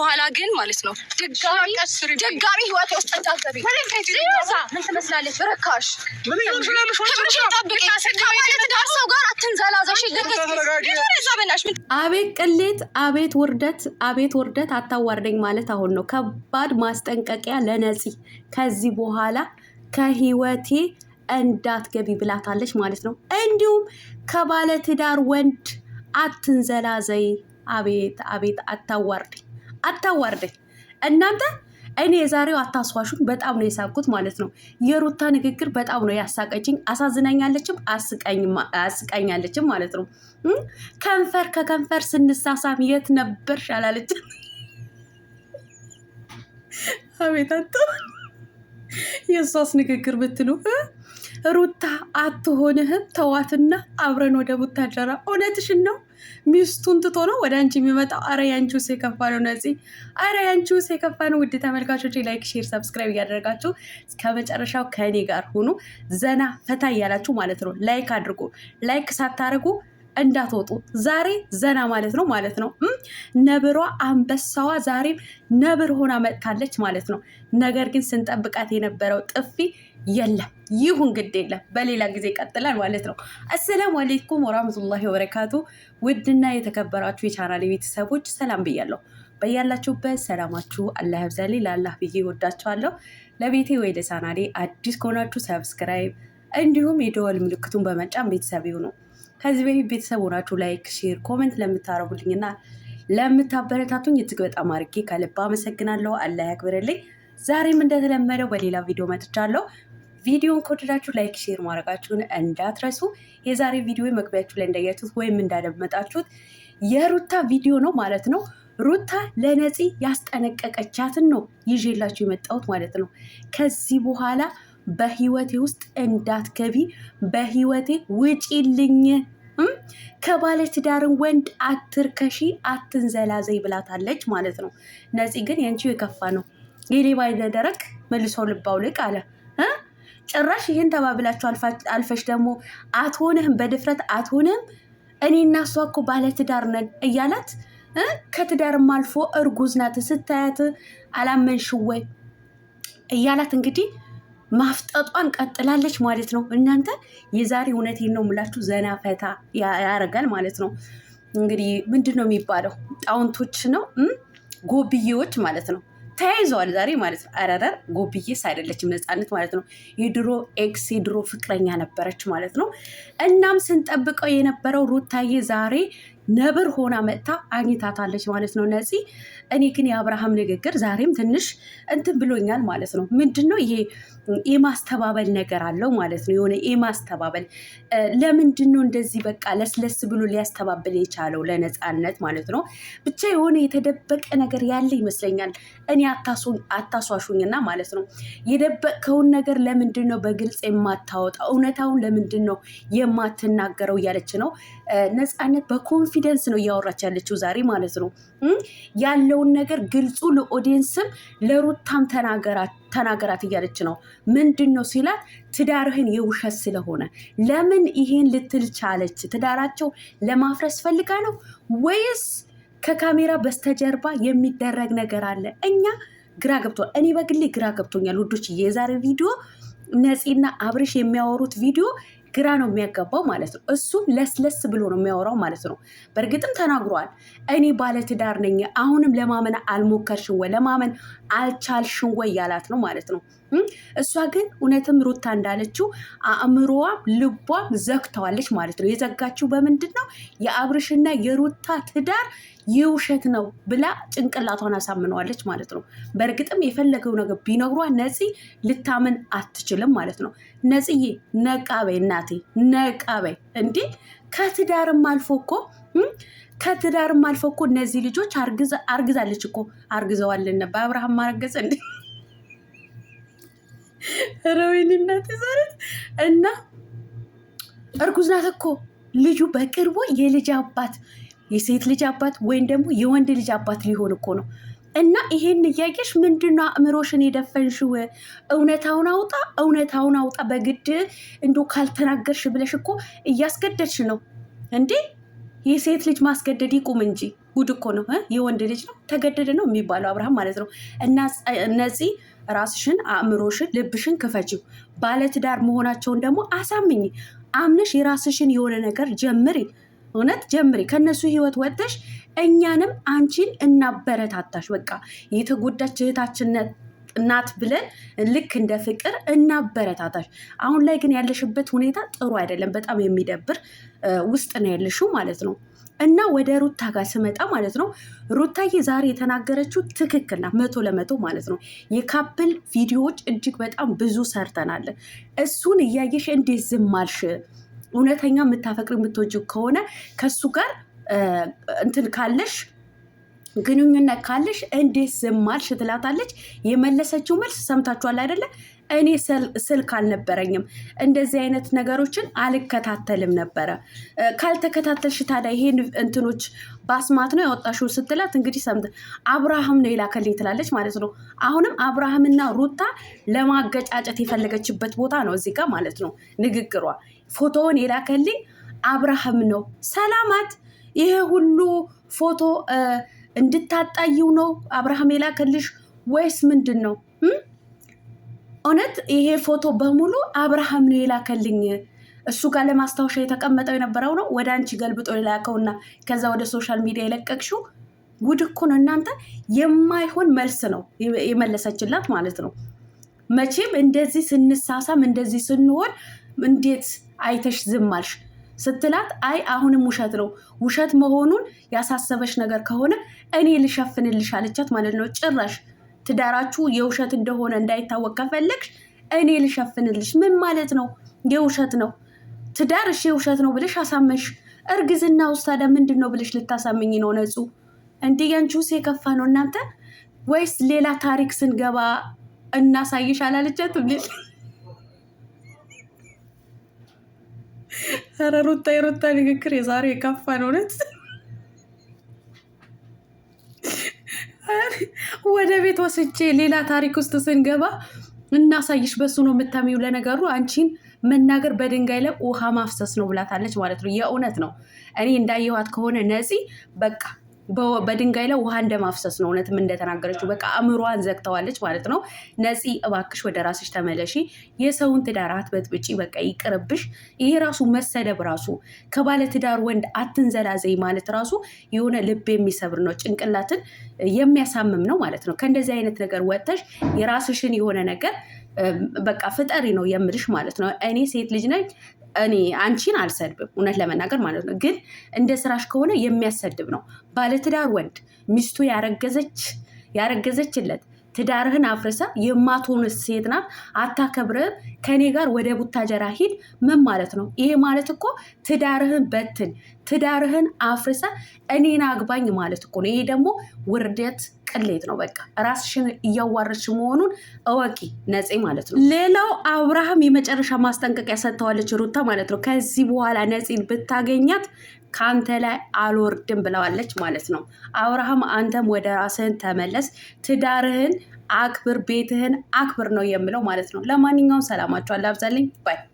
በኋላ ግን ማለት ነው ድጋሚ ህይወት ውስጥ እንዳትገቢ። ምን ትመስላለች? ርካሽ አቤት ቅሌት፣ አቤት ውርደት፣ አቤት ውርደት። አታዋርደኝ ማለት አሁን ነው። ከባድ ማስጠንቀቂያ ለነፂ ከዚህ በኋላ ከህይወቴ እንዳትገቢ ብላታለች ማለት ነው። እንዲሁም ከባለትዳር ወንድ አትንዘላዘይ። አቤት አቤት፣ አታዋርደኝ አታዋርደኝ እናንተ። እኔ የዛሬው አታስዋሹን በጣም ነው የሳቅኩት ማለት ነው። የሩታ ንግግር በጣም ነው ያሳቀችኝ። አሳዝናኛለችም አስቀኛለችም ማለት ነው። ከንፈር ከከንፈር ስንሳሳም የት ነበር ሻላለችም። አቤት የእሷስ ንግግር ብትሉ ሩታ አትሆንህም ተዋትና አብረን ወደ ቡታጀራ። እውነትሽን ነው። ሚስቱን ትቶ ነው ወደ አንቺ የሚመጣው። አረ ያንቺ ውስጥ የከፋ ነው ነፂ፣ አረ ያንቺ ውስጥ የከፋ ነው። ውድ ተመልካቾች ላይክ፣ ሼር፣ ሰብስክራይብ እያደረጋችሁ ከመጨረሻው ከእኔ ጋር ሁኑ። ዘና ፈታ እያላችሁ ማለት ነው። ላይክ አድርጉ። ላይክ ሳታደርጉ እንዳትወጡ ዛሬ ዘና ማለት ነው ማለት ነው። ነብሯ አንበሳዋ ዛሬም ነብር ሆና መጥታለች ማለት ነው። ነገር ግን ስንጠብቃት የነበረው ጥፊ የለም። ይሁን ግድ የለም፣ በሌላ ጊዜ ቀጥላል ማለት ነው። አሰላሙ አሌይኩም ወራህመቱላሂ ወበረካቱ። ውድና የተከበራችሁ የቻናል ቤተሰቦች ሰላም ብያለሁ። በያላችሁበት ሰላማችሁ አላህ ብዛሌ ለአላህ ብዬ ወዳችኋለሁ። ለቤቴ ወይ ለቻናሌ አዲስ ከሆናችሁ ሰብስክራይብ እንዲሁም የደወል ምልክቱን በመጫን ቤተሰብ ይሁኑ። ከዚህ በፊት ቤተሰብ ሆናችሁ ላይክ፣ ሼር፣ ኮሜንት ለምታረጉልኝና ለምታበረታቱኝ እጅግ በጣም አድርጌ ከልብ አመሰግናለሁ። አላህ ያክብርልኝ። ዛሬም እንደተለመደው በሌላ ቪዲዮ መጥቻለሁ። ቪዲዮን ከወደዳችሁ ላይክ፣ ሼር ማድረጋችሁን እንዳትረሱ። የዛሬ ቪዲዮ መግቢያችሁ ላይ እንዳያችሁት ወይም እንዳደመጣችሁት የሩታ ቪዲዮ ነው ማለት ነው። ሩታ ለነፂ ያስጠነቀቀቻትን ነው ይዤላችሁ የመጣሁት ማለት ነው። ከዚህ በኋላ በህይወቴ ውስጥ እንዳትገቢ፣ በህይወቴ ውጪልኝ፣ ከባለትዳርን ወንድ አትርከሺ፣ አትንዘላዘይ ብላታለች ማለት ነው። ነፂ ግን የአንቺው የከፋ ነው። የሌባ ደረቅ መልሶ ልባው ልቅ አለ። ጭራሽ ይህን ተባብላችሁ አልፈሽ ደግሞ አትሆንህም፣ በድፍረት አትሆንህም፣ እኔና እሷ እኮ ባለትዳር ነን እያላት ከትዳርም አልፎ እርጉዝ ናት ስታያት አላመንሽ ወይ እያላት እንግዲህ ማፍጠጧን ቀጥላለች ማለት ነው። እናንተ የዛሬ እውነቴን ነው የምላችሁ፣ ዘና ፈታ ያደርጋል ማለት ነው። እንግዲህ ምንድን ነው የሚባለው? ጣውንቶች ነው ጎብዬዎች ማለት ነው። ተያይዘዋል ዛሬ ማለት ነው። አረረር ጎብዬስ አይደለችም ነፃነት ማለት ነው። የድሮ ኤክስ የድሮ ፍቅረኛ ነበረች ማለት ነው። እናም ስንጠብቀው የነበረው ሩታዬ ዛሬ ነብር ሆና መጥታ አግኝታታለች ማለት ነው። ነፂ እኔ ግን የአብርሃም ንግግር ዛሬም ትንሽ እንትን ብሎኛል ማለት ነው። ምንድን ነው ይሄ የማስተባበል ነገር አለው ማለት ነው። የሆነ የማስተባበል ለምንድን ነው እንደዚህ በቃ ለስለስ ብሎ ሊያስተባብል የቻለው ለነፃነት ማለት ነው። ብቻ የሆነ የተደበቀ ነገር ያለ ይመስለኛል። እኔ አታሷሹኝና ማለት ነው የደበቅከውን ነገር ለምንድን ነው በግልጽ የማታወጣ እውነታውን ለምንድን ነው የማትናገረው? እያለች ነው ነፃነት በኮንፊ ኮንፊደንስ ነው እያወራች ያለችው ዛሬ ማለት ነው። ያለውን ነገር ግልጹ ለኦዲየንስም ለሩታም ተናገራት ተናገራት እያለች ነው። ምንድን ነው ሲላት ትዳርህን የውሸት ስለሆነ ለምን ይሄን ልትል ቻለች? ትዳራቸው ለማፍረስ ፈልጋ ነው ወይስ ከካሜራ በስተጀርባ የሚደረግ ነገር አለ? እኛ ግራ ገብቷል። እኔ በግሌ ግራ ገብቶኛል ውዶች። የዛሬ ቪዲዮ ነፂና አብርሽ የሚያወሩት ቪዲዮ ግራ ነው የሚያጋባው ማለት ነው። እሱም ለስለስ ብሎ ነው የሚያወራው ማለት ነው። በእርግጥም ተናግሯል። እኔ ባለትዳር ነኝ አሁንም ለማመን አልሞከርሽም ወይ? ለማመን አልቻልሽን ወይ ያላት ነው ማለት ነው። እሷ ግን እውነትም ሩታ እንዳለችው አእምሮዋም ልቧም ዘግተዋለች ማለት ነው። የዘጋችው በምንድን ነው? የአብርሽና የሩታ ትዳር የውሸት ነው ብላ ጭንቅላቷን አሳምነዋለች ማለት ነው። በእርግጥም የፈለገው ነገር ቢነግሯ ነፂ ልታምን አትችልም ማለት ነው። ነፂዬ ነቃ እናቴ ነቃበይ። እንዲህ እንዴ ከትዳርም አልፎ እኮ ከትዳርም አልፎ እኮ እነዚህ ልጆች አርግዛለች እኮ ነበር አብርሃም ማረገዘ እንደ ረዊንነት ይዘረት እና እርጉዝ ናት እኮ ልጁ በቅርቡ የልጅ አባት የሴት ልጅ አባት ወይም ደግሞ የወንድ ልጅ አባት ሊሆን እኮ ነው። እና ይሄን እያየሽ ምንድነው አእምሮሽን የደፈንሽው? እውነታውን አውጣ፣ እውነታውን አውጣ። በግድ እንዶ ካልተናገርሽ ብለሽ እኮ እያስገደድሽ ነው እንዴ የሴት ልጅ ማስገደድ ይቁም እንጂ ጉድ እኮ ነው። የወንድ ልጅ ነው ተገደደ ነው የሚባለው አብርሃም ማለት ነው። እና እነዚህ ራስሽን፣ አእምሮሽን፣ ልብሽን ክፈችው። ባለትዳር መሆናቸውን ደግሞ አሳምኝ። አምነሽ የራስሽን የሆነ ነገር ጀምሪ፣ እውነት ጀምሪ። ከነሱ ህይወት ወጥተሽ እኛንም አንቺን እናበረታታሽ። በቃ የተጎዳች እህታችን ናት ብለን ልክ እንደ ፍቅር እናበረታታሽ። አሁን ላይ ግን ያለሽበት ሁኔታ ጥሩ አይደለም። በጣም የሚደብር ውስጥ ነው ያለሽው ማለት ነው። እና ወደ ሩታ ጋር ስመጣ ማለት ነው ሩታዬ ዛሬ የተናገረችው ትክክል ናት፣ መቶ ለመቶ ማለት ነው። የካፕል ቪዲዮዎች እጅግ በጣም ብዙ ሰርተናል። እሱን እያየሽ እንዴት ዝም አልሽ? እውነተኛ የምታፈቅር የምትወጂው ከሆነ ከሱ ጋር እንትን ካለሽ ግንኙነት ካለሽ እንዴት ዝም አልሽ ትላታለች። የመለሰችው መልስ ሰምታችኋል አይደለ? እኔ ስልክ አልነበረኝም እንደዚህ አይነት ነገሮችን አልከታተልም ነበረ። ካልተከታተልሽ ታዲያ ይሄን እንትኖች ባስማት ነው ያወጣሽው ስትላት፣ እንግዲህ ሰምት አብርሃም ነው የላከልኝ ትላለች ማለት ነው። አሁንም አብርሃምና ሩታ ለማገጫጨት የፈለገችበት ቦታ ነው እዚህ ጋር ማለት ነው ንግግሯ። ፎቶውን የላከልኝ አብርሃም ነው። ሰላማት ይሄ ሁሉ ፎቶ እንድታጣይው ነው አብርሃም የላከልሽ ወይስ ምንድን ነው? እውነት ይሄ ፎቶ በሙሉ አብርሃም ነው የላከልኝ እሱ ጋር ለማስታወሻ የተቀመጠው የነበረው ነው ወደ አንቺ ገልብጦ የላከውና ከዛ ወደ ሶሻል ሚዲያ የለቀቅሽው ጉድ እኮ ነው እናንተ። የማይሆን መልስ ነው የመለሰችላት ማለት ነው። መቼም እንደዚህ ስንሳሳም እንደዚህ ስንሆን እንዴት አይተሽ ዝም አልሽ? ስትላት አይ አሁንም ውሸት ነው፣ ውሸት መሆኑን ያሳሰበች ነገር ከሆነ እኔ ልሸፍንልሽ አለቻት ማለት ነው። ጭራሽ ትዳራችሁ የውሸት እንደሆነ እንዳይታወቅ ከፈለግሽ እኔ ልሸፍንልሽ። ምን ማለት ነው? የውሸት ነው ትዳር እሺ፣ የውሸት ነው ብለሽ አሳመንሽ። እርግዝና ውስጥ ታዲያ ምንድን ነው ብለሽ ልታሳምኝ ነው? ነጹ እንዲህ ያንቺውስ የከፋ ነው እናንተ ወይስ ሌላ ታሪክ ስንገባ እናሳይሽ አላለቻትም? ኧረ ሩታ የሩታ ንግግር የዛሬ የከፋ ነው። እውነት ወደ ቤት ወስጄ ሌላ ታሪክ ውስጥ ስንገባ እናሳይሽ፣ በሱ ነው የምታሚው። ለነገሩ አንቺን መናገር በድንጋይ ላይ ውሃ ማፍሰስ ነው ብላታለች ማለት ነው። የእውነት ነው። እኔ እንዳየኋት ከሆነ ነፂ በቃ በድንጋይ ላይ ውሃ እንደማፍሰስ ነው። እውነትም እንደተናገረችው በቃ አእምሯን ዘግተዋለች ማለት ነው። ነፂ እባክሽ ወደ ራስሽ ተመለሺ። የሰውን ትዳር አትበጥብጪ። በቃ ይቅርብሽ። ይሄ ራሱ መሰደብ ራሱ ከባለትዳር ወንድ አትንዘላዘይ ማለት ራሱ የሆነ ልብ የሚሰብር ነው። ጭንቅላትን የሚያሳምም ነው ማለት ነው። ከእንደዚህ አይነት ነገር ወጥተሽ የራስሽን የሆነ ነገር በቃ ፍጠሪ ነው የምልሽ ማለት ነው። እኔ ሴት ልጅ ነኝ። እኔ አንቺን አልሰድብም፣ እውነት ለመናገር ማለት ነው። ግን እንደ ስራሽ ከሆነ የሚያሰድብ ነው። ባለትዳር ወንድ ሚስቱ ያረገዘች ያረገዘችለት ትዳርህን አፍርሳ የማትሆን ሴት ናት፣ አታከብርህም፣ ከኔ ጋር ወደ ቡታጀራ ሂድ። ምን ማለት ነው ይሄ? ማለት እኮ ትዳርህን በትን፣ ትዳርህን አፍርሳ እኔን አግባኝ ማለት እኮ ነው። ይሄ ደግሞ ውርደት ቅሌት ነው። በቃ ራስሽን እያዋረች መሆኑን እወቂ፣ ነፂ ማለት ነው። ሌላው አብርሃም የመጨረሻ ማስጠንቀቂያ ሰጥተዋለች ሩታ ማለት ነው። ከዚህ በኋላ ነፂን ብታገኛት ከአንተ ላይ አልወርድም ብለዋለች ማለት ነው። አብርሃም አንተም ወደ ራስህን ተመለስ፣ ትዳርህን አክብር፣ ቤትህን አክብር ነው የምለው ማለት ነው። ለማንኛውም ሰላማችኋል አብዛለኝ ባይ